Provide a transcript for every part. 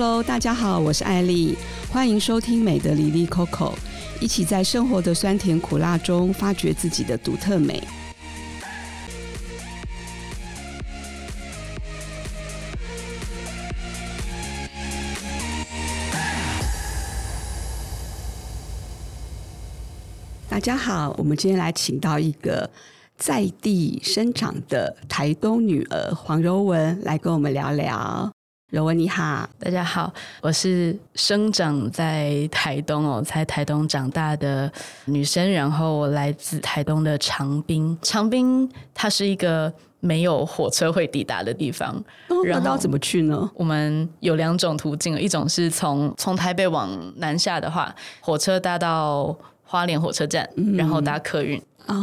Hello，大家好，我是艾莉，歡迎收聽美的哩哩扣扣，一起在生活的酸甜苦辣中發掘自己的獨特美。大家好，我們今天來請到一個在地生長的台東女兒黃柔文來跟我們聊聊。柔文，你好，大家好，我是生長在台東哦，在台東長大的女生，然後來自台東的長濱，長濱它是一個沒有火車會抵達的地方，那要怎麼去呢？我們有兩種途徑，一種是從從台北往南下的話，火車搭到花蓮火車站，然後搭客運。嗯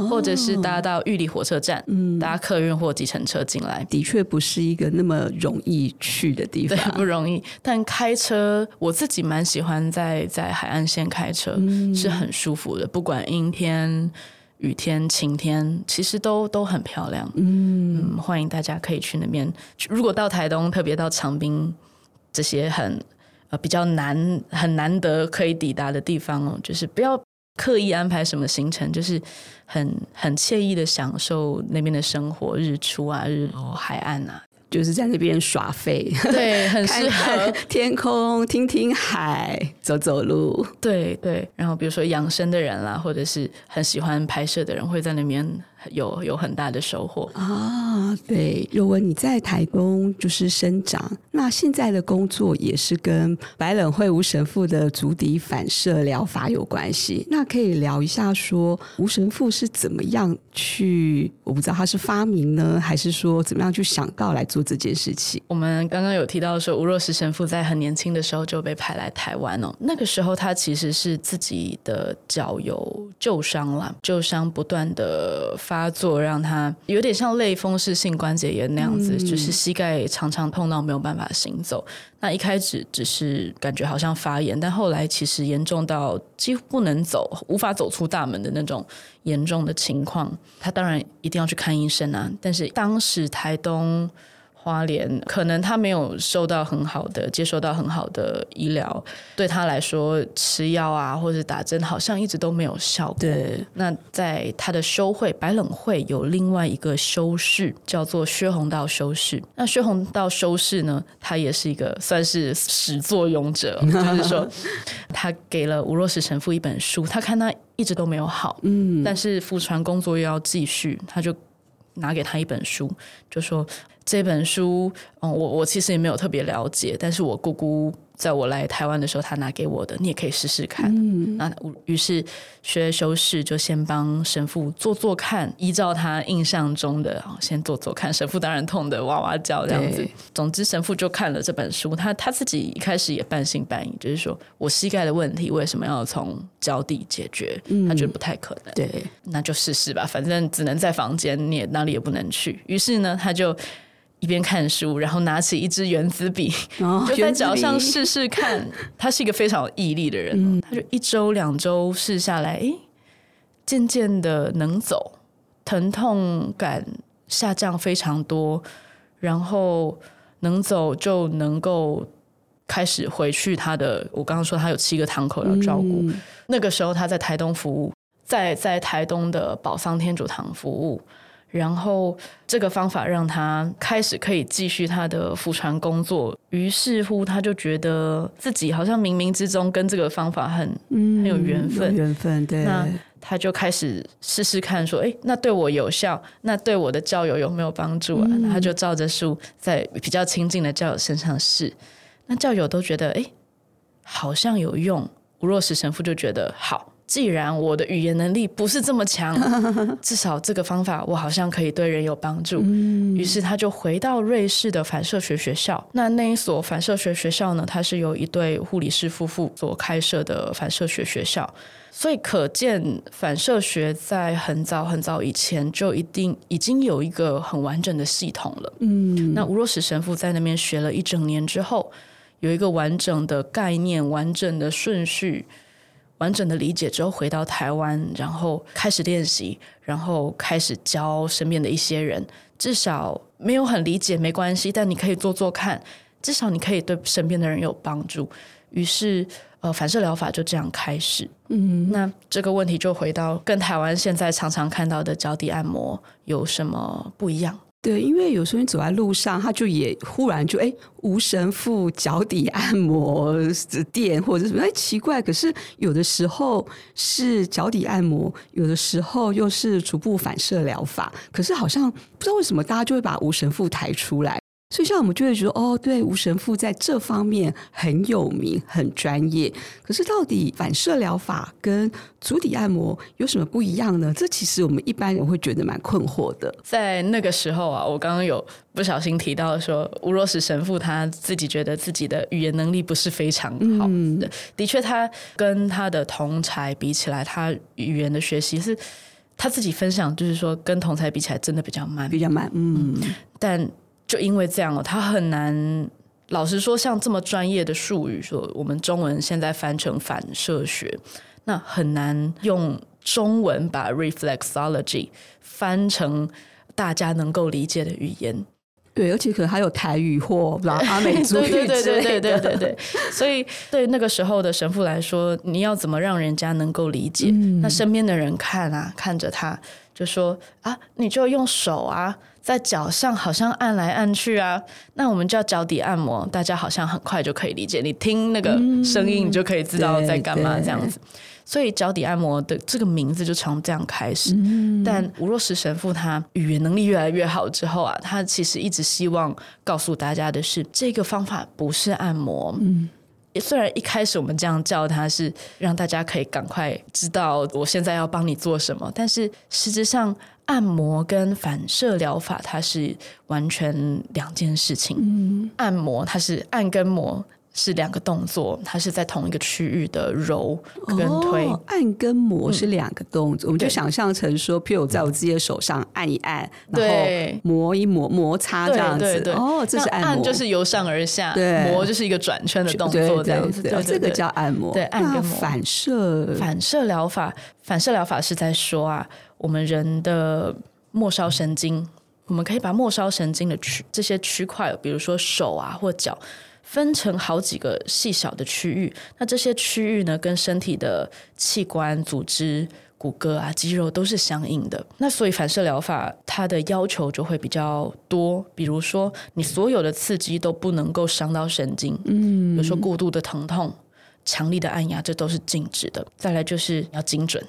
或者是搭到玉里火車站，哦嗯、搭客運或計程車進來，的確不是一個那麼容易去的地方，對，不容易。但開車，我自己蠻喜歡在在海岸線開車，嗯、是很舒服的。不管陰天、雨天、晴天，其實都都很漂亮。嗯，嗯，歡迎大家可以去那邊。如果到台東，特別到長濱，這些很呃比較難、很難得可以抵達的地方哦，就是不要。刻意安排什麼行程，就是很很愜意的享受那邊的生活，日出啊，日、哦、海岸啊，就是在那邊耍廢，對，很適合看看天空，聽聽海，走走路，對對。然後比如說養生的人啦，或者是很喜歡拍攝的人，會在那邊。有有很大的收穫啊！對，若文你在台東就是生長，那現在的工作也是跟白冷會吳神父的足底反射療法有關係。那可以聊一下說，說吳神父是怎麼樣去？我不知道他是發明呢，還是說怎麼樣去想到來做這件事情？我們剛剛有提到說，吳若石神父在很年輕的時候就被派來台灣哦。那個時候他其實是自己的腳有舊傷了，舊傷不斷的發。發作，讓他有點像類風濕性關節炎那樣子，嗯。就是膝蓋常常痛到沒有辦法行走。那一開始只是感覺好像發炎，但後來其實嚴重到幾乎不能走，無法走出大門的那種嚴重的情況。他當然一定要去看醫生啊，但是當時台東。花蓮可能他沒有受到很好的，接受到很好的醫療，對他來說，吃藥啊或者打針好像一直都沒有效果。對，那在他的修會白冷會有另外一個修士叫做薛宏道修士。那薛宏道修士呢，他也是一個算是始作俑者， 就是說他給了吳若石神父一本書，他看他一直都沒有好，嗯，但是福傳工作又要繼續，他就拿給他一本書，就說。這本書，嗯，我我其實也沒有特別了解，但是我姑姑在我來台灣的時候，她拿給我的，你也可以試試看。嗯、那於是薛修士就先幫神父做做看，依照他印象中的，哦、先做做看。神父當然痛得哇哇叫，這樣子。對總之，神父就看了這本書，他他自己一開始也半信半疑，就是說我膝蓋的問題為什麼要從腳底解決？他覺得不太可能。對，那就試試吧，反正只能在房間，你也哪裡也不能去。於是呢，他就。一邊看書，然後拿起一支原子筆，哦、 就在腳上試試看。子 他是一個非常有毅力的人，嗯、他就一周、兩周試下來，哎、欸，漸漸的能走，疼痛感下降非常多，然後能走就能夠開始回去。他的，我剛剛說他有七個堂口要照顧，嗯、那個時候他在台東服務，在在台東的寶桑天主堂服務。然後這個方法讓他開始可以繼續他的福傳工作，於是乎他就覺得自己好像冥冥之中跟這個方法很、嗯、很有緣分，緣分，對。那他就開始試試看，說：“哎，那對我有效，那對我的教友有沒有幫助啊？”嗯、他就照着書在比較親近的教友身上試，那教友都覺得：“哎，好像有用。”吳若石神父就覺得好。既然我的語言能力不是這麼強， 至少這個方法我好像可以對人有幫助。嗯、於是他就回到瑞士的反射學學校。那那一所反射學學校呢，它是由一對護理師夫婦所開設的反射學學校。所以可見反射學在很早很早以前就一定已經有一個很完整的系統了。嗯、那吳若石神父在那邊學了一整年之後，有一個完整的概念，完整的順序，完整的理解之後，回到台灣，然後開始練習，然後開始教身邊的一些人。至少沒有很理解沒關係，但你可以做做看，至少你可以對身邊的人有幫助。於是，呃，反射療法就這樣開始。嗯哼，那這個問題就回到跟台灣現在常常看到的腳底按摩有什麼不一樣？對，因為有時候你走在路上，他就也忽然就哎，吳神父腳底按摩店或者什麼，哎奇怪。可是有的時候是腳底按摩，有的時候又是足部反射療法。可是好像不知道為什麼，大家就會把吳神父抬出來。所以，像我們就會覺得說，哦，對，吳神父在這方面很有名、很專業。可是，到底反射療法跟足底按摩有什麼不一樣呢？這其實我們一般人會覺得蠻困惑的。在那個時候啊，我剛剛有不小心提到說，吳若石神父他自己覺得自己的語言能力不是非常好。嗯，的確，他跟他的同儕比起來，他語言的學習是他自己分享，就是說，跟同儕比起來，真的比較慢，比較慢。嗯，嗯但。就因為這樣哦、喔，他很難。老實說，像這麼專業的術語說，說我們中文現在翻成反射學，那很難用中文把 reflexology 翻成大家能夠理解的語言。對，而且可能還有台語或阿美族語 對對對對對對對。所以，對那個時候的神父來說，你要怎麼讓人家能夠理解？嗯、那身邊的人看啊，看着他就說啊，你就用手啊。在腳上好像按來按去啊，那我們叫腳底按摩，大家好像很快就可以理解。你聽那個聲音，你就可以知道在幹嘛這樣子。嗯、所以腳底按摩的這個名字就從這樣開始。嗯、但吳若石神父他語言能力越來越好之後啊，他其實一直希望告訴大家的是，這個方法不是按摩。嗯，雖然一開始我們這樣叫他是讓大家可以趕快知道我現在要幫你做什麼，但是實質上。按摩跟反射療法，它是完全兩件事情。嗯、按摩，它是按跟摩，是兩個動作，它是在同一個區域的揉跟推，按跟磨是兩個動作，我們就想象成說，譬如在我自己的手上按一按，然後磨一磨，摩擦這樣子。哦，這是按摩，按就是由上而下，磨就是一個轉圈的動作這樣子。這個叫按摩。對，按跟磨，反射，反射療法，反射療法是在說啊，我們人的末梢神經，我們可以把末梢神經的區這些區塊，比如說手啊或腳。分成好幾個細小的區域，那這些區域呢，跟身體的器官、組織、骨骼啊、肌肉都是相應的。那所以反射療法它的要求就會比較多，比如說你所有的刺激都不能夠傷到神經，嗯，比如說過度的疼痛、強力的按壓，這都是禁止的。再來就是要精準，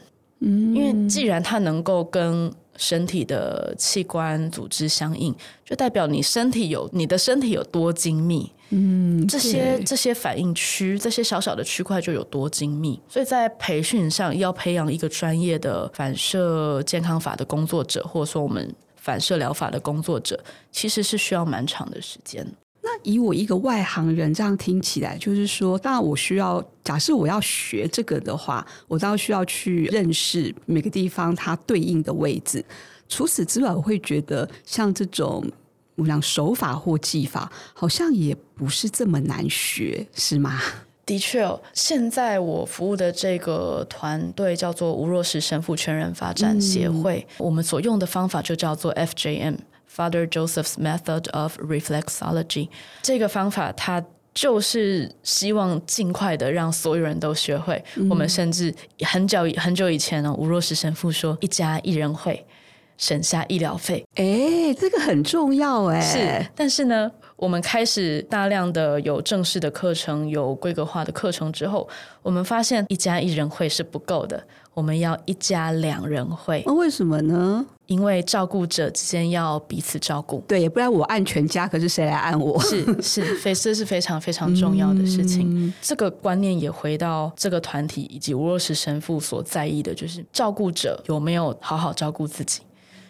嗯，因為既然它能夠跟身體的器官組織相應，就代表你身體有你的身體有多精密。嗯，這些這些反應區，這些小小的區塊就有多精密，所以在培訓上要培養一個專業的反射健康法的工作者，或者說我們反射療法的工作者，其實是需要蠻長的時間。那以我一個外行人這樣聽起來，就是說，那我需要，假設我要學這個的話，我倒需要去認識每個地方它對應的位置。除此之外，我會覺得像這種。我們講手法或技法，好像也不是這麼難學，是嗎？的確哦，現在我服務的這個團隊叫做吳若石神父全人發展協會。嗯、我們所用的方法就叫做 FJM, Father Joseph's Method of Reflexology。這個方法，它就是希望盡快地讓所有人都學會。嗯、我們甚至很久很久以前哦，吳若石神父說，一家一人會。省下醫療費，哎、欸，這個很重要哎、欸。是，但是呢，我們開始大量的有正式的課程，有規格化的課程之後，我們發現一家一人會是不夠的，我們要一家兩人會、啊。為什麼呢？因為照顧者之間要彼此照顧。對，不然我按全家，可是誰來按我？是是，這是，是非常非常重要的事情。嗯。這個觀念也回到這個團體以及吳若石神父所在意的，就是照顧者有沒有好好照顧自己。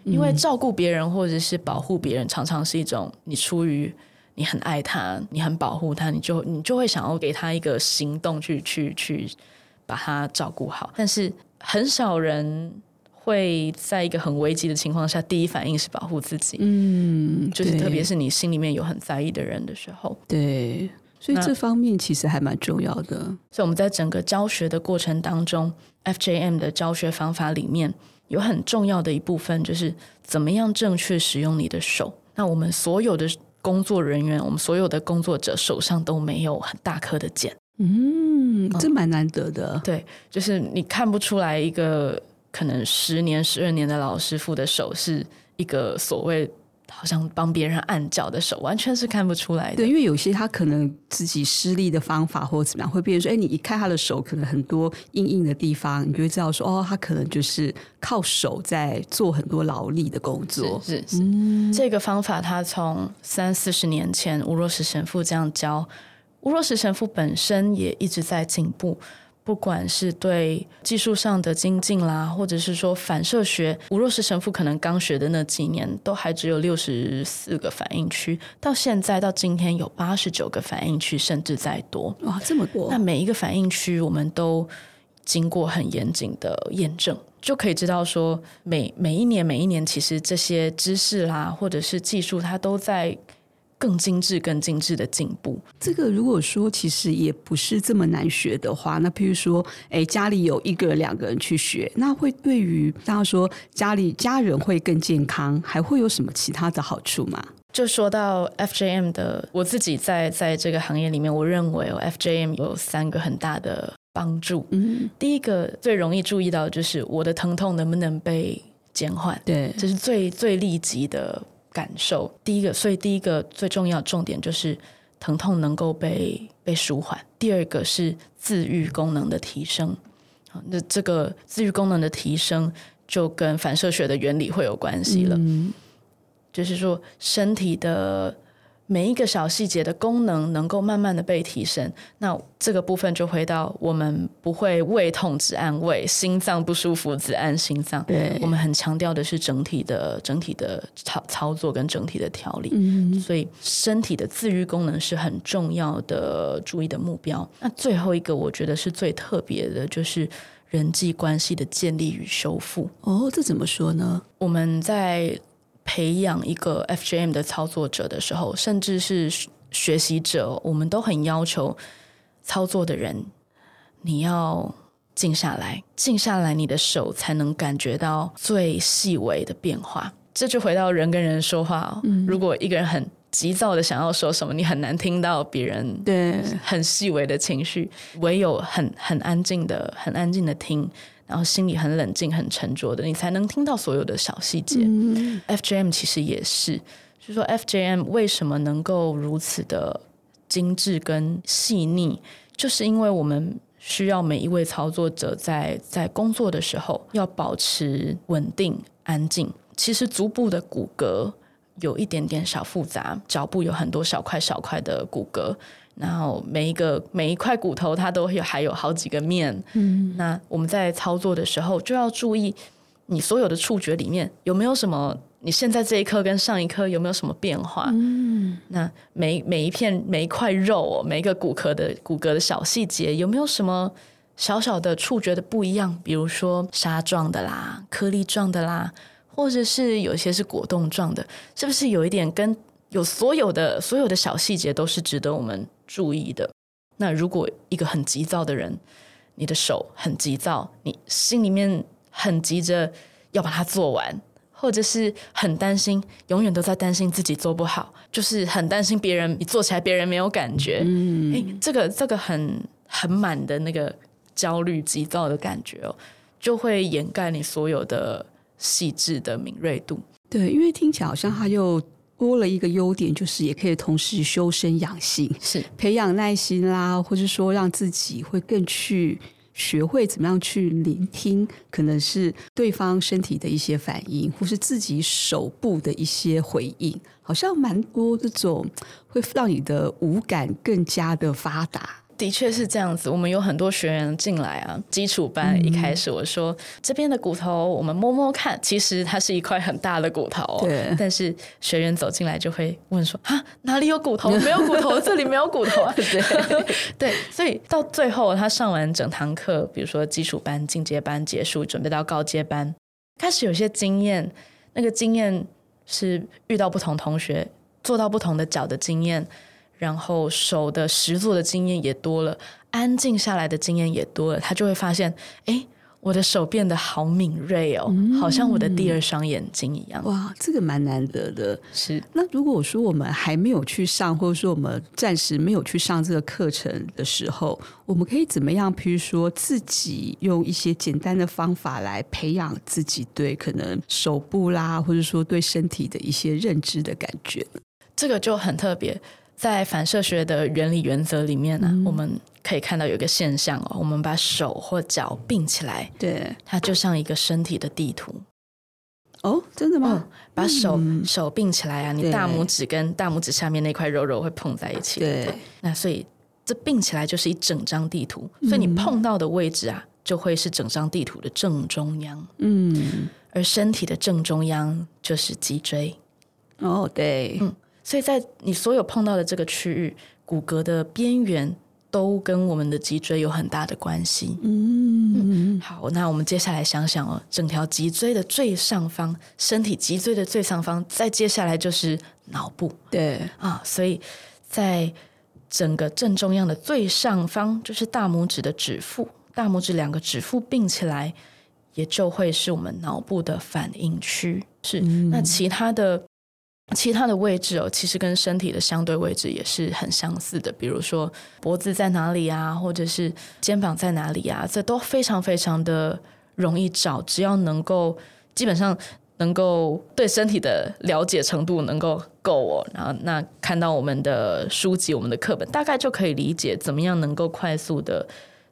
因為照顧別人或者是保護別人，常常是一種你出於你很愛他，你很保護他，你就你就會想要給他一個行動去去去把他照顧好。但是很少人會在一個很危急的情況下，第一反應是保護自己。嗯，就是特別是你心裡面有很在意的人的時候，對，所以這方面其實還蠻重要的。所以我們在整個教學的過程當中，FJM 的教學方法裡面。有很重要的一部分就是怎麼樣正確使用你的手。那我們所有的工作人員，我們所有的工作者手上都沒有很大顆的繭。嗯，這蠻難得的。嗯，對，就是你看不出來一個可能十年、十二年的老師傅的手是一個所謂。好像幫別人按腳的手，完全是看不出來的。對，因為有些他可能自己施力的方法或者怎麼樣，會變成說，哎，你一看他的手，可能很多硬硬的地方，你就會知道說，哦，他可能就是靠手在做很多勞力的工作。是，是，是。嗯。這個方法他從三四十年前吳若石神父這樣教，吳若石神父本身也一直在進步。不管是對技術上的精進啦，或者是說反射學，吳若石神父可能剛學的那幾年，都還只有六十四個反應區，到現在到今天有八十九個反應區，甚至再多。哇，這麼多！那每一個反應區，我們都經過很嚴謹的驗證，就可以知道說每，每每一年、每一年，其實這些知識啦，或者是技術，它都在。更精致、更精致的進步，這個如果說其實也不是這麼難學的話，那譬如說，哎、欸，家裡有一個、兩個人去學，那會對於大家說家裡家人會更健康，還會有什麼其他的好處嗎？就說到 FJM 的，我自己在在這個行業裡面，我認為 FJM 有三個很大的幫助。嗯哼，第一個最容易注意到的就是我的疼痛能不能被減緩，對，這是最最立即的。感受第一個，所以第一個最重要重點就是疼痛能夠被被舒緩。第二個是自癒功能的提升。那這個自癒功能的提升就跟反射學的原理會有關係了。嗯，就是說身體的。每一個小細節的功能能夠慢慢的被提升，那這個部分就回到我們不會胃痛只按胃，心臟不舒服只按心臟，對我們很強調的是整體的整體的操操作跟整體的調理，嗯、所以身體的自愈功能是很重要的注意的目標。那最後一個我覺得是最特別的，就是人際關係的建立與修復。哦，這怎麼說呢？我們在。培養一個 FJM 的操作者的時候，甚至是學習者，我們都很要求操作的人，你要靜下來，靜下來，你的手才能感覺到最細微的變化。這就回到人跟人說話哦，嗯、哼如果一個人很急躁的想要說什麼，你很難聽到別人對很細微的情緒，對唯有很很安靜的、很安靜的聽。然後心裡很冷靜、很沉着的，你才能聽到所有的小細節。嗯、FJM 其實也是，就是說 FJM 為什麼能夠如此的精緻跟細膩，就是因為我們需要每一位操作者在在工作的時候要保持穩定、安靜。其實足部的骨骼有一點點小複雜，腳部有很多小塊小塊的骨骼。然後每一個每一塊骨頭，它都有還有好幾個面。嗯，那我們在操作的時候就要注意，你所有的觸覺裡面有沒有什麼？你現在這一顆跟上一顆有沒有什麼變化？嗯，那每每一片每一塊肉、哦，每一個骨骼的骨骼的小細節，有沒有什麼小小的觸覺的不一樣？比如說沙狀的啦，顆粒狀的啦，或者是有些是果凍狀的，是不是有一點跟？有所有的所有的小細節都是值得我們注意的。那如果一個很急躁的人，你的手很急躁，你心裡面很急着要把它做完，或者是很擔心，永遠都在擔心自己做不好，就是很擔心別人，你做起來別人沒有感覺。嗯、欸，這個這個很很滿的那個焦慮、急躁的感覺哦、喔，就會掩蓋你所有的細緻的敏銳度。對，因為聽起來好像他又。多了一個優點，就是也可以同時修身養性，是培養耐心啦，或是說讓自己會更去學會怎麼樣去聆聽，可能是對方身體的一些反應，或是自己手部的一些回應，好像蠻多這種會讓你的五感更加的發達。的確是這樣子，我們有很多學員進來啊，基礎班一開始我說、嗯、這邊的骨頭我們摸摸看，其實它是一塊很大的骨頭、哦，對但是學員走進來就會問說啊哪裡有骨頭？沒有骨頭， 這裡沒有骨頭啊，對, 對，所以到最後他上完整堂課，比如說基礎班、進階班結束，準備到高階班，開始有些經驗，那個經驗是遇到不同同學做到不同的腳的經驗。然後手的實作的經驗也多了，安靜下來的經驗也多了，他就會發現，哎，我的手變得好敏銳哦，嗯，好像我的第二雙眼睛一樣。哇，這個蠻難得的。是。那如果說我們還沒有去上，或者說我們暫時沒有去上這個課程的時候，我們可以怎麼樣？譬如說，自己用一些簡單的方法來培養自己對可能手部啦，或者說對身體的一些認知的感覺呢。這個就很特別。在反射學的原理原則裡面呢、啊，嗯、我們可以看到有一個現象哦，我們把手或腳併起來，對，它就像一個身體的地圖。哦，真的嗎？哦、把手、嗯、手併起來啊，你大拇指跟大拇指下面那塊肉肉會碰在一起。對，對，那所以這併起來就是一整張地圖，所以你碰到的位置啊，嗯、就會是整張地圖的正中央。嗯，而身體的正中央就是脊椎。哦，對。嗯所以在你所有碰到的這個區域，骨骼的邊緣都跟我們的脊椎有很大的關係。嗯，嗯，好，那我們接下來想想哦，整條脊椎的最上方，身體脊椎的最上方，再接下來就是腦部。對啊，所以在整個正中央的最上方，就是大拇指的指腹，大拇指兩個指腹並起來，也就會是我們腦部的反應區。是，嗯，那其他的。其他的位置哦，其實跟身體的相對位置也是很相似的。比如說脖子在哪裡啊，或者是肩膀在哪裡啊，這都非常非常的容易找。只要能夠，基本上能夠對身體的了解程度能夠夠哦，然後那看到我們的書籍、我們的課本，大概就可以理解怎麼樣能夠快速的、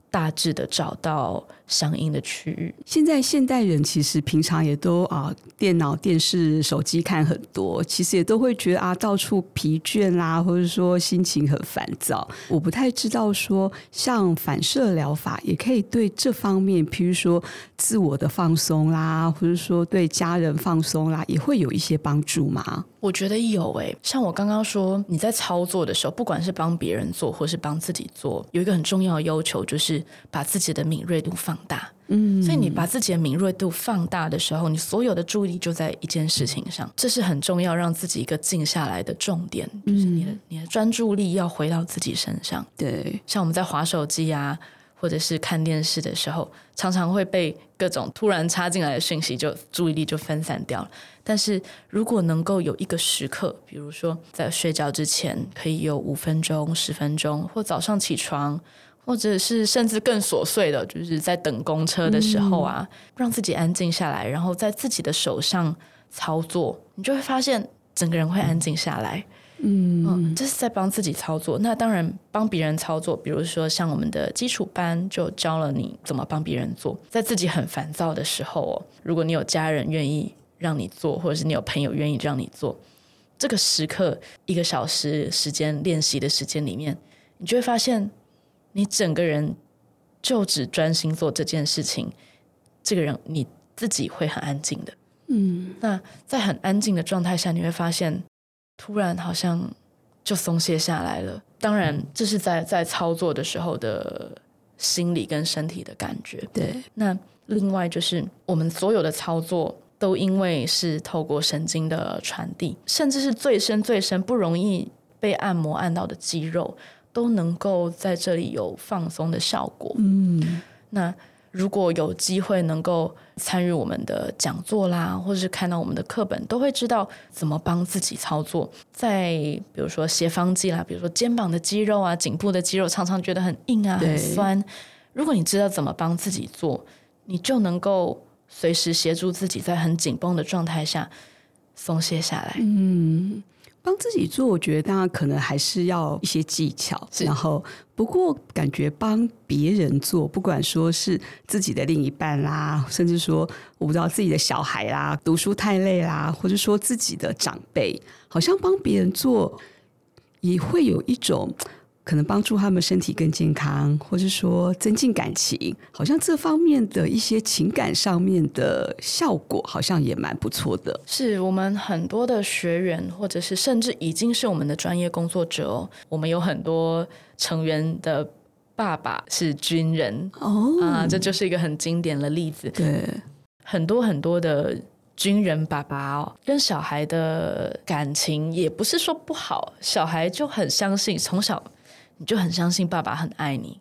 大致的找到，相應的區域。現在現代人其實平常也都啊，電腦、電視、手機看很多，其實也都會覺得啊，到處疲倦啦，或者說心情很煩躁。我不太知道說，像反射療法也可以對這方面，譬如說自我的放鬆啦，或者說對家人放鬆啦，也會有一些幫助嗎？我覺得有誒、欸。像我剛剛說，你在操作的時候，不管是幫別人做，或是幫自己做，有一個很重要的要求，就是把自己的敏銳度放。放大，嗯，所以你把自己的敏銳度放大的時候，你所有的注意力就在一件事情上，這是很重要，讓自己一個靜下來的重點，就是你的你的專注力要回到自己身上。對，像我們在滑手機啊，或者是看電視的時候，常常會被各種突然插進來的訊息就，就注意力就分散掉了。但是如果能夠有一個時刻，比如說在睡覺之前，可以有五分鐘、十分鐘，或早上起床。或者是甚至更瑣碎的，就是在等公車的時候啊，嗯、讓自己安靜下來，然後在自己的手上操作，你就會發現整個人會安靜下來。嗯，嗯，這是在幫自己操作。那當然，幫別人操作，比如說像我們的基礎班就教了你怎麼幫別人做。在自己很煩躁的時候，哦，如果你有家人願意讓你做，或者是你有朋友願意讓你做，這個時刻一個小時時間練習的時間裡面，你就會發現。你整個人就只專心做這件事情，這個人你自己會很安靜的。嗯，那在很安靜的狀態下，你會發現突然好像就鬆懈下來了。當然，這是在在操作的時候的心理跟身體的感覺。對。嗯。那另外就是，我們所有的操作都因為是透過神經的傳遞，甚至是最深最深不容易被按摩按到的肌肉。都能夠在這裡有放鬆的效果。嗯，那如果有機會能夠參與我們的講座啦，或是看到我們的課本，都會知道怎麼幫自己操作。在比如說斜方肌啦，比如說肩膀的肌肉啊，頸部的肌肉常常覺得很硬啊、對很酸。如果你知道怎麼幫自己做，你就能夠隨時協助自己在很緊繃的狀態下鬆懈下來。嗯。幫自己做，我覺得當然可能還是要一些技巧。是然後，不過感覺幫別人做，不管說是自己的另一半啦，甚至說我不知道自己的小孩啦，讀書太累啦，或者說自己的長輩，好像幫別人做也會有一種。可能幫助他們身體更健康，或者是說增進感情，好像這方面的一些情感上面的效果，好像也蠻不錯的。是我們很多的學員，或者是甚至已經是我們的專業工作者哦，我們有很多成員的爸爸是軍人哦，啊，oh，呃，這就是一個很經典的例子。對，很多很多的軍人爸爸哦，跟小孩的感情也不是說不好，小孩就很相信從小，你就很相信爸爸很愛你，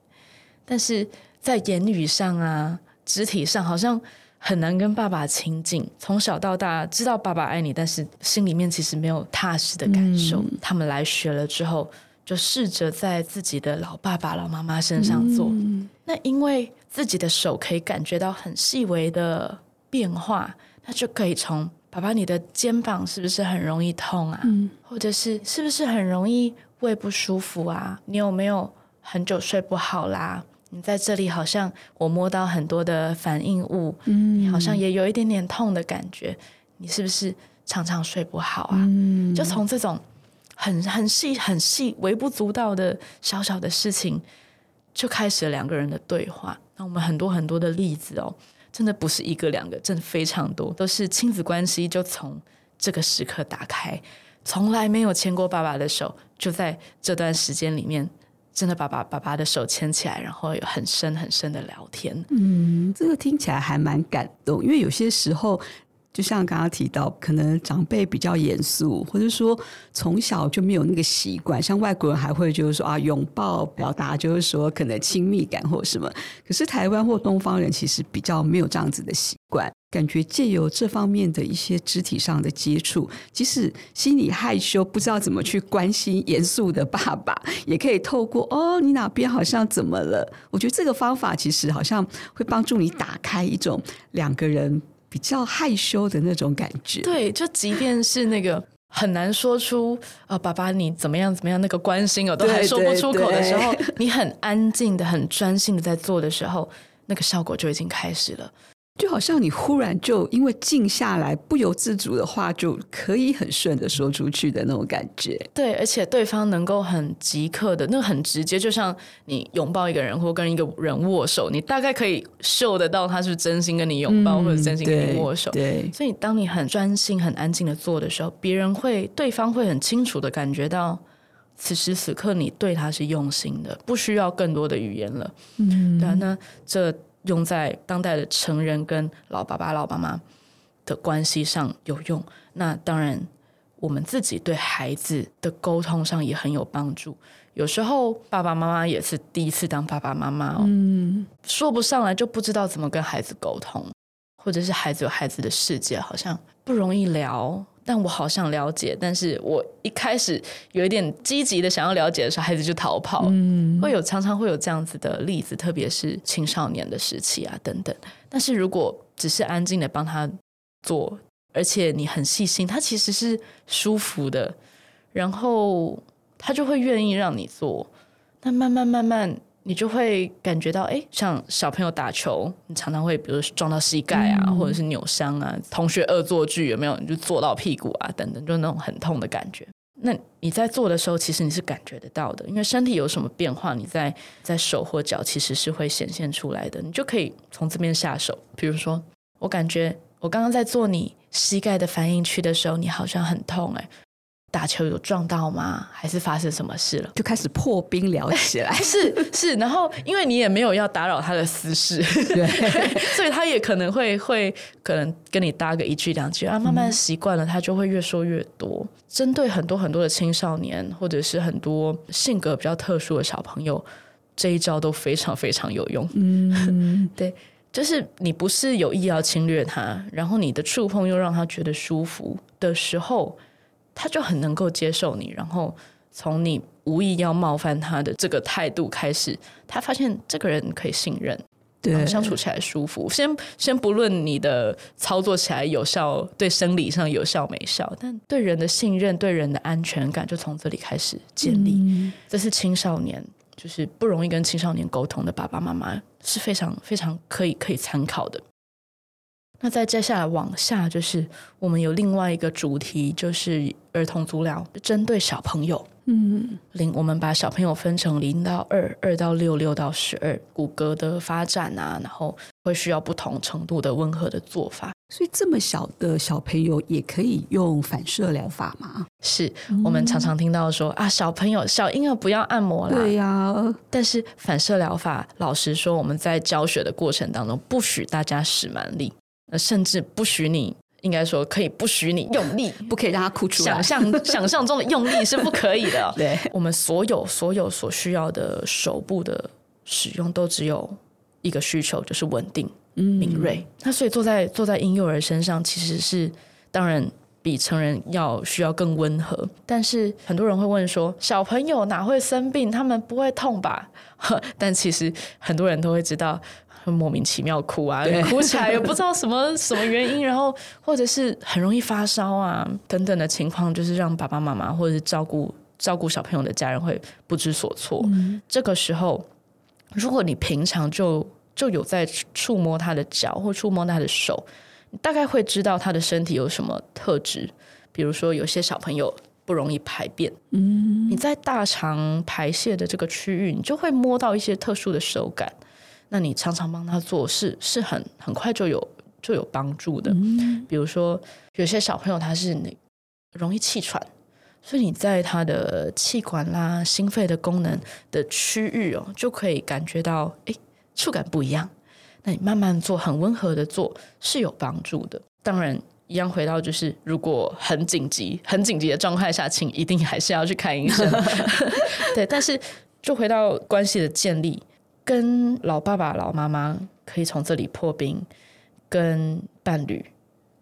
但是在言語上啊、肢體上，好像很難跟爸爸親近。從小到大知道爸爸愛你，但是心裡面其實沒有踏實的感受。嗯、他們來學了之後，就試着在自己的老爸爸、老媽媽身上做。嗯、那因為自己的手可以感覺到很細微的變化，那就可以從爸爸，你的肩膀是不是很容易痛啊？嗯、或者是是不是很容易？胃不舒服啊？你有沒有很久睡不好啦、啊？你在這裡好像我摸到很多的反應物，你、嗯、好像也有一點點痛的感覺。你是不是常常睡不好啊？嗯、就從這種很很細很細、微不足道的小小的事情，就開始了兩個人的對話。那我們很多很多的例子哦，真的不是一個兩個，真的非常多，都是親子關係就從這個時刻打開。從來沒有牽過爸爸的手，就在這段時間裡面，真的把爸爸，爸爸的手牽起來，然後有很深很深的聊天。嗯，這個聽起來還蠻感動，因為有些時候。就像剛剛提到，可能長輩比較嚴肅，或者說從小就沒有那個習慣。像外國人還會就是說啊擁抱表達，就是說可能親密感或什麼。可是台灣或東方人其實比較沒有這樣子的習慣，感覺借由這方面的一些肢體上的接觸，即使心裡害羞，不知道怎麼去關心嚴肅的爸爸，也可以透過，哦，你哪邊好像怎麼了？我覺得這個方法其實好像會幫助你打開一種兩個人。比較害羞的那種感覺，對，就即便是那個很難說出，呃，爸爸你怎麼樣怎麼樣，那個關心，我都還說不出口的時候，對對對，你很安靜的 很專心的在做的時候，那個效果就已經開始了。就好像你忽然就因為靜下來，不由自主的話就可以很順的說出去的那種感覺。對，而且對方能夠很即刻的，那很直接，就像你擁抱一個人或跟一個人握手，你大概可以嗅得到他是真心跟你擁抱，嗯、或者真心跟你握手。對。對，所以當你很專心、很安靜的做的時候，別人會，對方會很清楚的感覺到此時此刻你對他是用心的，不需要更多的語言了。嗯。對、啊、那這。用在當代的成人跟老爸爸、老媽媽的關係上有用，那當然我們自己對孩子的溝通上也很有幫助。有時候爸爸媽媽也是第一次當爸爸媽媽哦，嗯，說不上來就不知道怎麼跟孩子溝通，或者是孩子有孩子的世界，好像不容易聊。但我好想了解，但是我一開始有一點積極的想要了解的時候，孩子就逃跑。嗯，會有常常會有這樣子的例子，特別是青少年的時期啊等等。但是如果只是安靜的幫他做，而且你很細心，他其實是舒服的，然後他就會願意讓你做，那慢慢慢慢。你就會感覺到，哎、欸，像小朋友打球，你常常會比如說撞到膝蓋啊，嗯、或者是扭傷啊，同學惡作劇有沒有？你就坐到屁股啊，等等，就那種很痛的感覺。那你在做的時候，其實你是感覺得到的，因為身體有什麼變化，你在在手或腳其實是會顯現出來的。你就可以從這邊下手，比如說，我感覺我剛剛在做你膝蓋的反應區的時候，你好像很痛哎、欸。打球有撞到嗎？還是發生什麼事了？就開始破冰聊起來 是，是是，然後因為你也沒有要打擾他的私事， 對， 所以他也可能會會可能跟你搭個一句兩句啊，慢慢習慣了，他就會越說越多。嗯、針對很多很多的青少年，或者是很多性格比較特殊的小朋友，這一招都非常非常有用。嗯， 對，就是你不是有意要侵略他，然後你的觸碰又讓他覺得舒服的時候。他就很能夠接受你，然後從你無意要冒犯他的這個態度開始，他發現這個人可以信任，對然後相處起來舒服。先先不論你的操作起來有效，對生理上有效沒效，但對人的信任、對人的安全感，就從這裡開始建立。嗯、這是青少年就是不容易跟青少年溝通的爸爸媽媽是非常非常可以可以參考的。那再接下來往下，就是我們有另外一個主題，就是兒童足療，針對小朋友。嗯，零我們把小朋友分成零到二、二到六、六到十二，骨骼的發展啊，然後會需要不同程度的溫和的做法。所以這麼小的小朋友也可以用反射療法嗎？是我們常常聽到說、嗯、啊，小朋友、小嬰兒不要按摩啦。對呀、啊，但是反射療法，老實說，我們在教學的過程當中，不許大家使蠻力。甚至不許你，應該說可以不許你用力， 不可以讓他哭出來。想象像 想象中的用力是不可以的喔？ 對，我們所有所有所需要的手部的使用，都只有一個需求，就是穩定、敏銳。嗯，那所以坐在坐在嬰幼兒身上，其實是當然比成人要需要更溫和。但是很多人會問說，小朋友哪會生病？他們不會痛吧？ 但其實很多人都會知道。會莫名其妙哭啊，對哭起來也不知道什麼 什麼原因，然後或者是很容易發燒啊等等的情況，就是讓爸爸媽媽或者是照顧照顧小朋友的家人會不知所措。嗯、這個時候，如果你平常就就有在觸摸他的腳或觸摸他的手，你大概會知道他的身體有什麼特質。比如說，有些小朋友不容易排便，嗯、你在大腸排泄的這個區域，你就會摸到一些特殊的手感。那你常常幫他做事，是很很快就有就有幫助的。嗯、比如說，有些小朋友他是容易氣喘，所以你在他的氣管啦、心肺的功能的區域哦、喔，就可以感覺到哎觸、欸、觸感不一樣。那你慢慢做，很溫和的做是有幫助的。當然，一樣回到就是，如果很緊急、很緊急的狀態下，請一定還是要去看醫生。 對，但是就回到關係的建立。跟老爸爸、老媽媽可以從這裡破冰，跟伴侶、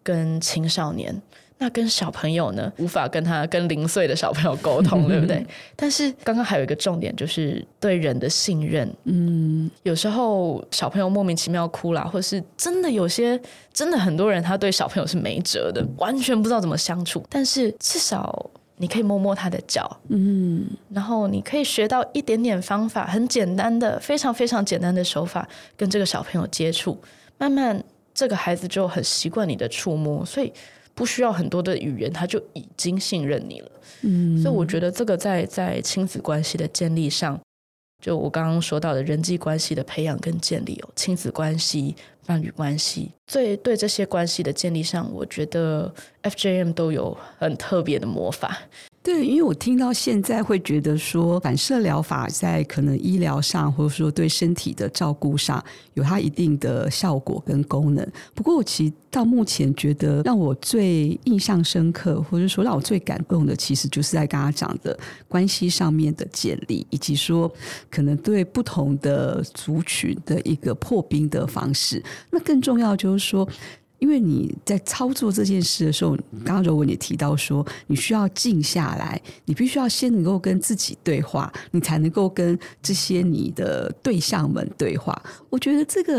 跟青少年，那跟小朋友呢？無法跟他跟零歲的小朋友溝通， 對不對？但是剛剛還有一個重點，就是對人的信任。嗯，有時候小朋友莫名其妙哭啦，或是真的有些真的很多人，他對小朋友是沒轍的，完全不知道怎麼相處。但是至少。你可以摸摸他的腳，嗯，然後你可以學到一點點方法，很簡單的，非常非常簡單的手法，跟這個小朋友接觸，慢慢這個孩子就很習慣你的觸摸，所以不需要很多的語言，他就已經信任你了。嗯，所以我覺得這個在在親子關係的建立上，就我剛剛說到的人際關係的培養跟建立哦，親子關係、伴侶關係。對對，對這些關係的建立上，我覺得 FJM 都有很特別的魔法。對，因為我聽到現在會覺得說，反射療法在可能醫療上，或者說對身體的照顧上有它一定的效果跟功能。不過，我其實到目前覺得，讓我最印象深刻，或者說讓我最感動的，其實就是在剛剛講的關係上面的建立，以及說可能對不同的族群的一個破冰的方式。那更重要就是。說，因為你在操作這件事的時候，剛剛柔文也提到說你需要靜下來，你必須要先能夠跟自己對話，你才能夠跟這些你的對象們對話。我覺得這個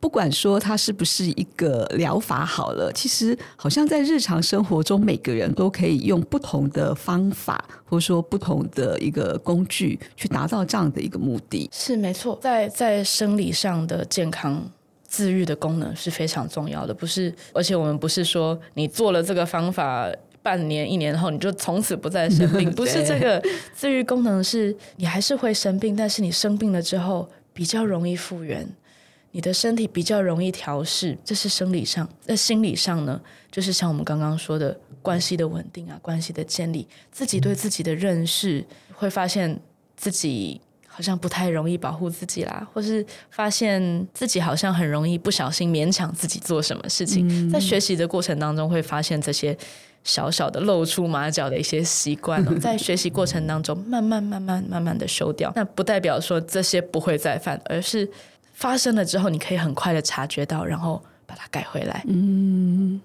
不管說它是不是一個療法好了，其實好像在日常生活中，每個人都可以用不同的方法，或者說不同的一個工具去達到這樣的一個目的。是沒錯，在在生理上的健康。自癒的功能是非常重要的，不是。而且我們不是說你做了這個方法半年、一年後你就從此不再生病，不是這個。自癒功能是你還是會生病，但是你生病了之後比較容易復原，你的身體比較容易調適。這是生理上，在、呃、心理上呢，就是像我們剛剛說的關係的穩定啊，關係的建立，自己對自己的認識，會發現自己，好像不太容易保護自己啦，或是發現自己好像很容易不小心勉強自己做什麼事情，嗯、在學習的過程當中會發現這些小小的露出馬腳的一些習慣、哦，在學習過程當中慢慢慢慢慢慢的修掉，那不代表說這些不會再犯，而是發生了之後你可以很快的察覺到，然後把它改回來。嗯。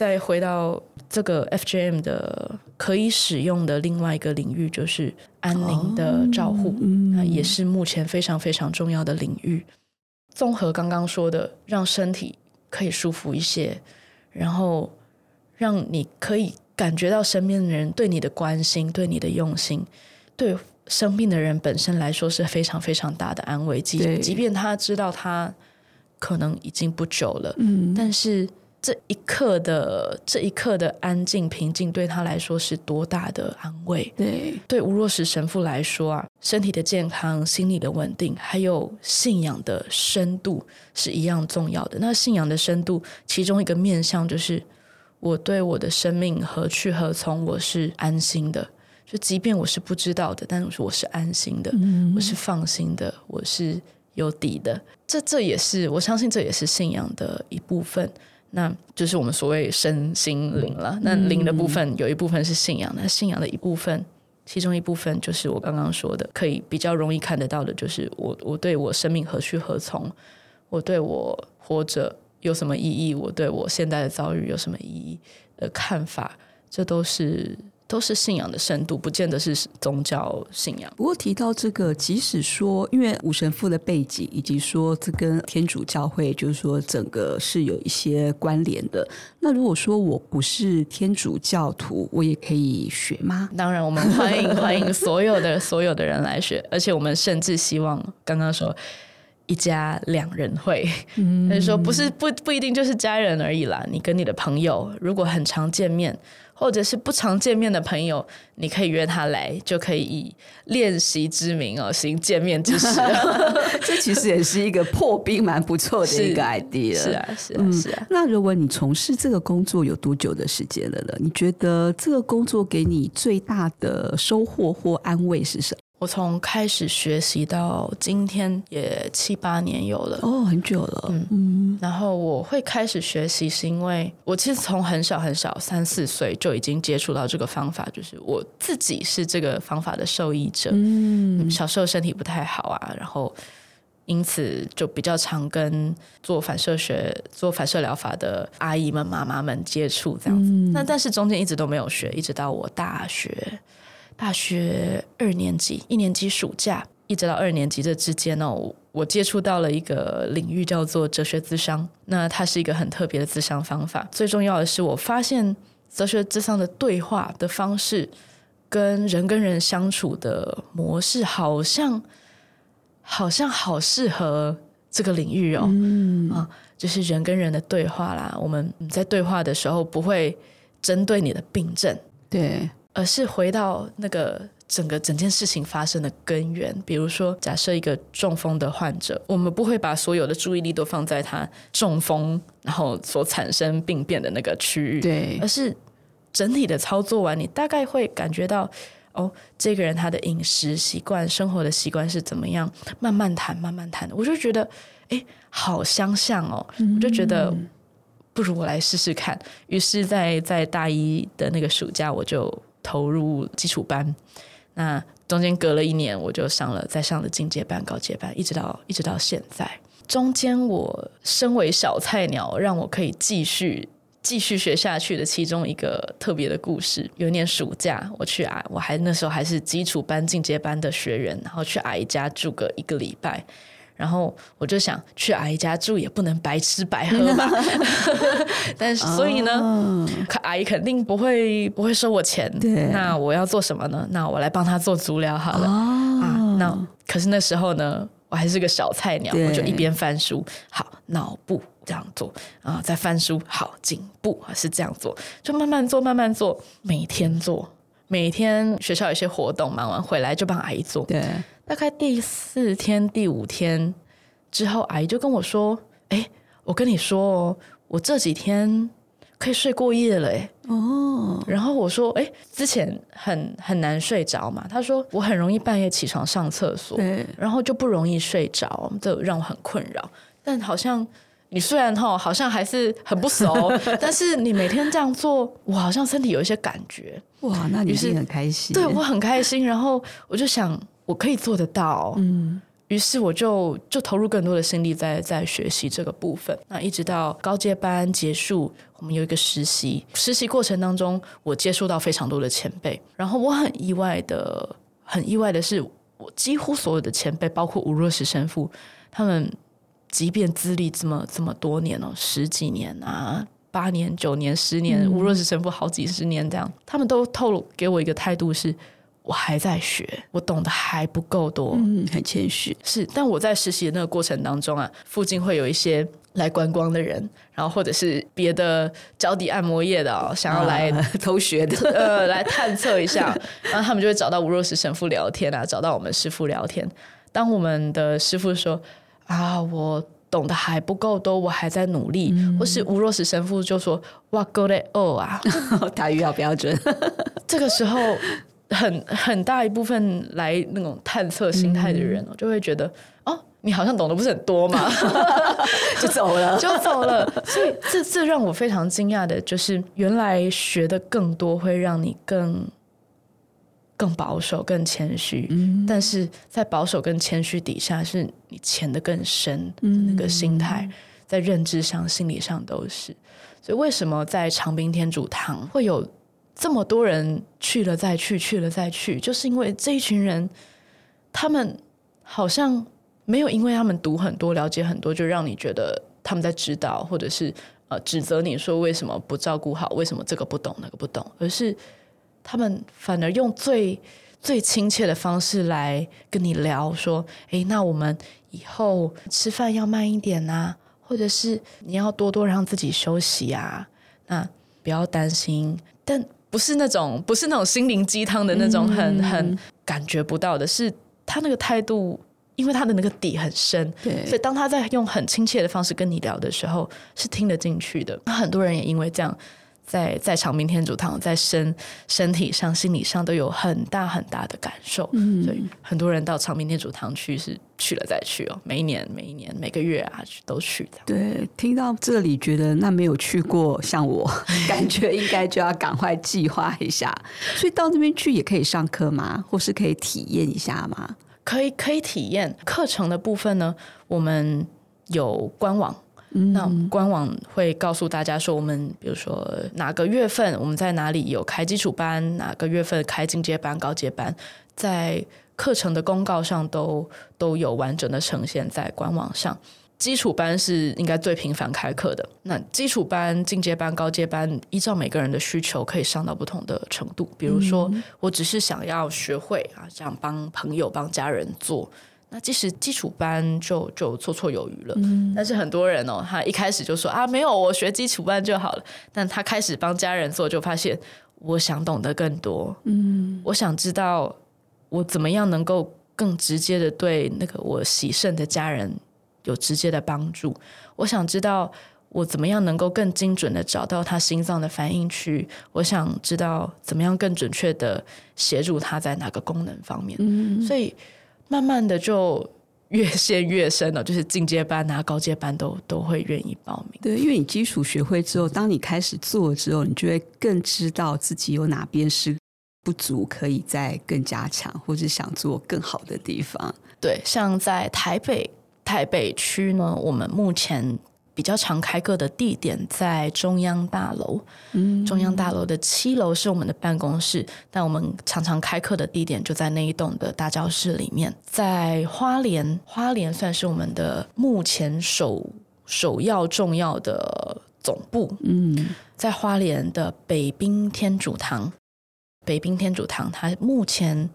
再回到這個 FJM 的可以使用的另外一個領域，就是安寧的照護，那、哦嗯、也是目前非常非常重要的領域。綜合剛剛說的，讓身體可以舒服一些，然後讓你可以感覺到身邊的人對你的關心、對你的用心，對生病的人本身來說是非常非常大的安慰即對即便他知道他可能已經不久了，嗯、但是。這一刻的這一刻的安靜平靜，對他來說是多大的安慰？對對，對吳若石神父來說啊，身體的健康、心理的穩定，還有信仰的深度是一樣重要的。那信仰的深度，其中一個面向就是我對我的生命何去何從，我是安心的。就即便我是不知道的，但是我是安心的，嗯、我是放心的，我是有底的。這這也是我相信，這也是信仰的一部分。那就是我們所謂身心靈了。那靈的部分有一部分是信仰，那信仰的一部分，其中一部分就是我剛剛說的，可以比較容易看得到的，就是我我對我生命何去何從，我對我活着有什麼意義，我對我現在的遭遇有什麼意義的看法，這都是。都是信仰的深度，不見得是宗教信仰。不過提到這個，即使說因為吳神父的背景，以及說這跟天主教會就是說整個是有一些關聯的。那如果說我不是天主教徒，我也可以學嗎？當然，我們歡迎 歡迎所有的所有的人來學，而且我們甚至希望剛剛說一家兩人會，就是、嗯、說不是不不一定就是家人而已啦。你跟你的朋友如果很常見面。或者是不常見面的朋友，你可以約他來，就可以以練習之名而行見面之事。 這其實也是一個破冰蠻不錯的一個 idea。是啊，是啊，嗯、是啊。那如果你從事這個工作有多久的時間了呢？你覺得這個工作給你最大的收穫或安慰是什麼？我從開始學習到今天也七八年有了哦，很久了，嗯，嗯。然後我會開始學習，是因為我其實從很小很小，三四歲就已經接觸到這個方法，就是我自己是這個方法的受益者。嗯，小時候身體不太好啊，然後因此就比較常跟做反射學、做反射療法的阿姨們、媽媽們接觸，這樣子。嗯。那但是中間一直都沒有學，一直到我大學。大學二年級、一年級暑假，一直到二年級這之間呢、哦，我接觸到了一個領域，叫做哲學諮商。那它是一個很特別的諮商方法。最重要的是，我發現哲學諮商的對話的方式，跟人跟人相處的模式好好像好像好適合這個領域哦。嗯、啊、就是人跟人的對話啦。我們在對話的時候，不會針對你的病症。對。而是回到那個整個整件事情發生的根源，比如說，假設一個中風的患者，我們不會把所有的注意力都放在他中風然後所產生病變的那個區域，對，而是整體的操作完，你大概會感覺到，哦，這個人他的飲食習慣、生活的習慣是怎麼樣？慢慢談，慢慢談，我就覺得，哎，好相像哦，我就覺得不如我來試試看。於是在，在在大一的那個暑假，我就。投入基礎班，那中間隔了一年，我就上了，再上了進階班、高階班，一直到一直到現在。中間我身為小菜鳥，讓我可以繼續繼續學下去的其中一個特別的故事，有一年暑假，我去矮，我還那時候還是基礎班、進階班的學員，然後去阿姨家住個一個禮拜。然後我就想，去阿姨家住，也不能白吃白喝吧。 但是所以呢，oh. 阿姨肯定不會不會收我錢。對那我要做什麼呢？那我來幫她做足療好了，oh. 啊。那可是那時候呢，我還是個小菜鳥，對我就一邊翻書，好腦部這樣做啊，在翻書，好頸部是這樣做，就慢慢做，慢慢做，每天做，每天學校有些活動忙完回來就幫阿姨做。大概第四天，第五天之後，阿姨就跟我說：“哎、欸，我跟你說哦，我這幾天可以睡過夜了，欸。”哎哦。然後我說：“哎、欸，之前很很難睡着嘛。”她說：“我很容易半夜起床上廁所，對然後就不容易睡着，這讓我很困擾。”但好像你雖然哈，哦，好像還是很不熟， 但是你每天這樣做，我好像身體有一些感覺。哇，那你是很開心？對，我很開心。然後我就想。我可以做得到，嗯，於是我就就投入更多的心力在在學習這個部分。那一直到高階班結束，我們有一個實習，實習過程當中，我接觸到非常多的前輩。然後我很意外的，很意外的是，我幾乎所有的前輩，包括吳若石神父，他們即便資歷這麼這麼多年哦，十幾年啊，八年、九年、十年，嗯、吳若石神父好幾十年這樣，他們都透露給我一個態度是。我還在學，我懂得還不夠多，嗯、很謙虛。是，但我在實習的那個過程當中啊，附近會有一些來觀光的人，然後或者是別的腳底按摩業的哦，想要來、啊啊、偷學的，呃，來探測一下、哦， 然後他們就會找到吳若石神父聊天啊，找到我們師傅聊天。當我們的師傅說啊，我懂得還不夠多，我還在努力，嗯、或是吳若石神父就說哇，夠嘞哦啊，哦台語好標準。這個時候。很很大一部分來那種探測心態的人、喔，嗯、就會覺得哦、喔，你好像懂得不是很多嘛， 就走了就，就走了。所以 這這讓我非常驚訝的就是，原來學的更多會讓你更更保守、更謙虛。嗯、但是在保守跟謙虛底下，是你潛得更深的那個心態，嗯、在認知上、心理上都是。所以為什麼在長濱天主堂會有？這麼多人去了再去，去了再去，就是因為這一群人，他們好像沒有因為他們讀很多、了解很多，就讓你覺得他們在指導或者是呃指責你說，為什麼不照顧好，為什麼這個不懂那個不懂，而是他們反而用最最親切的方式來跟你聊說，哎，那我們以後吃飯要慢一點啊，或者是你要多多讓自己休息啊，那不要擔心，但。不是那種，不是那種心靈雞湯的那種很，很、嗯、很感覺不到的是是他那個態度，因為他的那個底很深，對所以當他在用很親切的方式跟你聊的時候，是聽得進去的。那很多人也因為這樣。在在長濱天主堂，在身身體上、心理上都有很大很大的感受，嗯、所以很多人到長濱天主堂去是去了再去哦，每一年、每一年、每個月啊都去的。對，聽到這裡，覺得那沒有去過，像我， 感覺應該就要趕快計劃一下。所以到那邊去也可以上課嗎？或是可以體驗一下嗎？可以，可以體驗。課程的部分呢，我們有官網。那官網會告訴大家說，我們比如說哪個月份我們在哪裡有開基礎班，哪個月份開進階班、高階班，在課程的公告上都都有完整的呈現在官網上。基礎班是應該最頻繁開課的。那基礎班、進階班、高階班，依照每個人的需求可以上到不同的程度。比如說，我只是想要學會啊，想幫朋友、幫家人做。那即使基礎班就就綽綽有餘了，嗯、但是很多人哦，他一開始就說啊，沒有我學基礎班就好了。但他開始幫家人做，就發現我想懂得更多，嗯，我想知道我怎麼樣能夠更直接的對那個我喜盛的家人有直接的幫助。我想知道我怎麼樣能夠更精準的找到他心臟的反應區。我想知道怎麼樣更準確的協助他在哪個功能方面。嗯、所以。慢慢的就越陷越深了，就是進階班啊、高階班都都會願意報名。對，因為你基礎學會之後，當你開始做之後，你就會更知道自己有哪邊是不足，可以再更加強，或者想做更好的地方。對，像在台北台北區呢，我們目前。比較常開課的地點在中央大樓，嗯、中央大樓的七樓是我們的辦公室，但我們常常開課的地點就在那一棟的大教室裡面。在花蓮，花蓮算是我們的目前首首要重要的總部，嗯，在花蓮的北濱天主堂，北濱天主堂，它目前。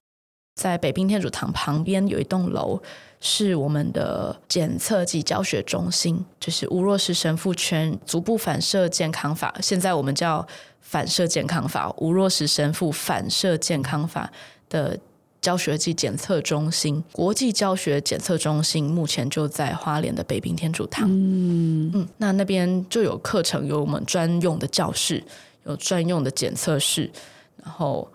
在北冰天主堂旁邊有一棟樓，是我們的檢測及教學中心，就是吳若石神父全足部反射健康法，現在我們叫反射健康法。吳若石神父反射健康法的教學及檢測中心，國際教學檢測中心目前就在花蓮的北冰天主堂。嗯嗯，那那邊就有課程，有我們專用的教室，有專用的檢測室，然後。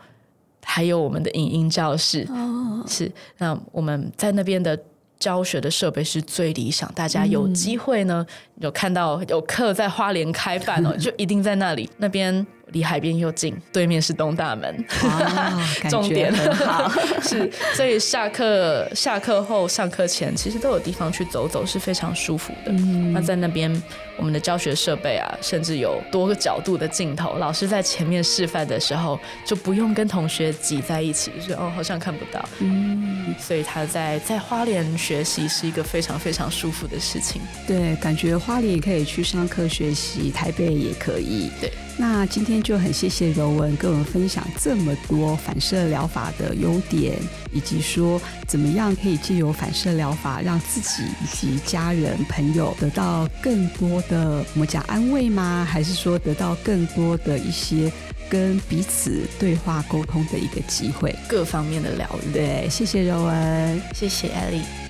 還有我們的影音教室，oh. 是，那我們在那邊的教學的設備是最理想。大家有機會呢，嗯、有看到有課在花蓮開班哦， 就一定在那裡。那邊離海邊又近，對面是東大門，oh, 重點感覺很好。 是，所以下課下課後，上課前，其實都有地方去走走，是非常舒服的。嗯、那在那邊。我們的教學設備啊，甚至有多個角度的鏡頭。老師在前面示範的時候，就不用跟同學擠在一起，就“哦，好像看不到。”嗯，所以他在在花蓮學習是一個非常非常舒服的事情。對，感覺花蓮也可以去上課學習，台北也可以。對，那今天就很謝謝柔文跟我們分享這麼多反射療法的優點，以及說怎麼樣可以借由反射療法讓自己以及家人朋友得到更多的，我們講安慰嗎？還是說得到更多的一些跟彼此對話溝通的一個機會，各方面的了。對對。謝謝柔文，謝謝艾莉。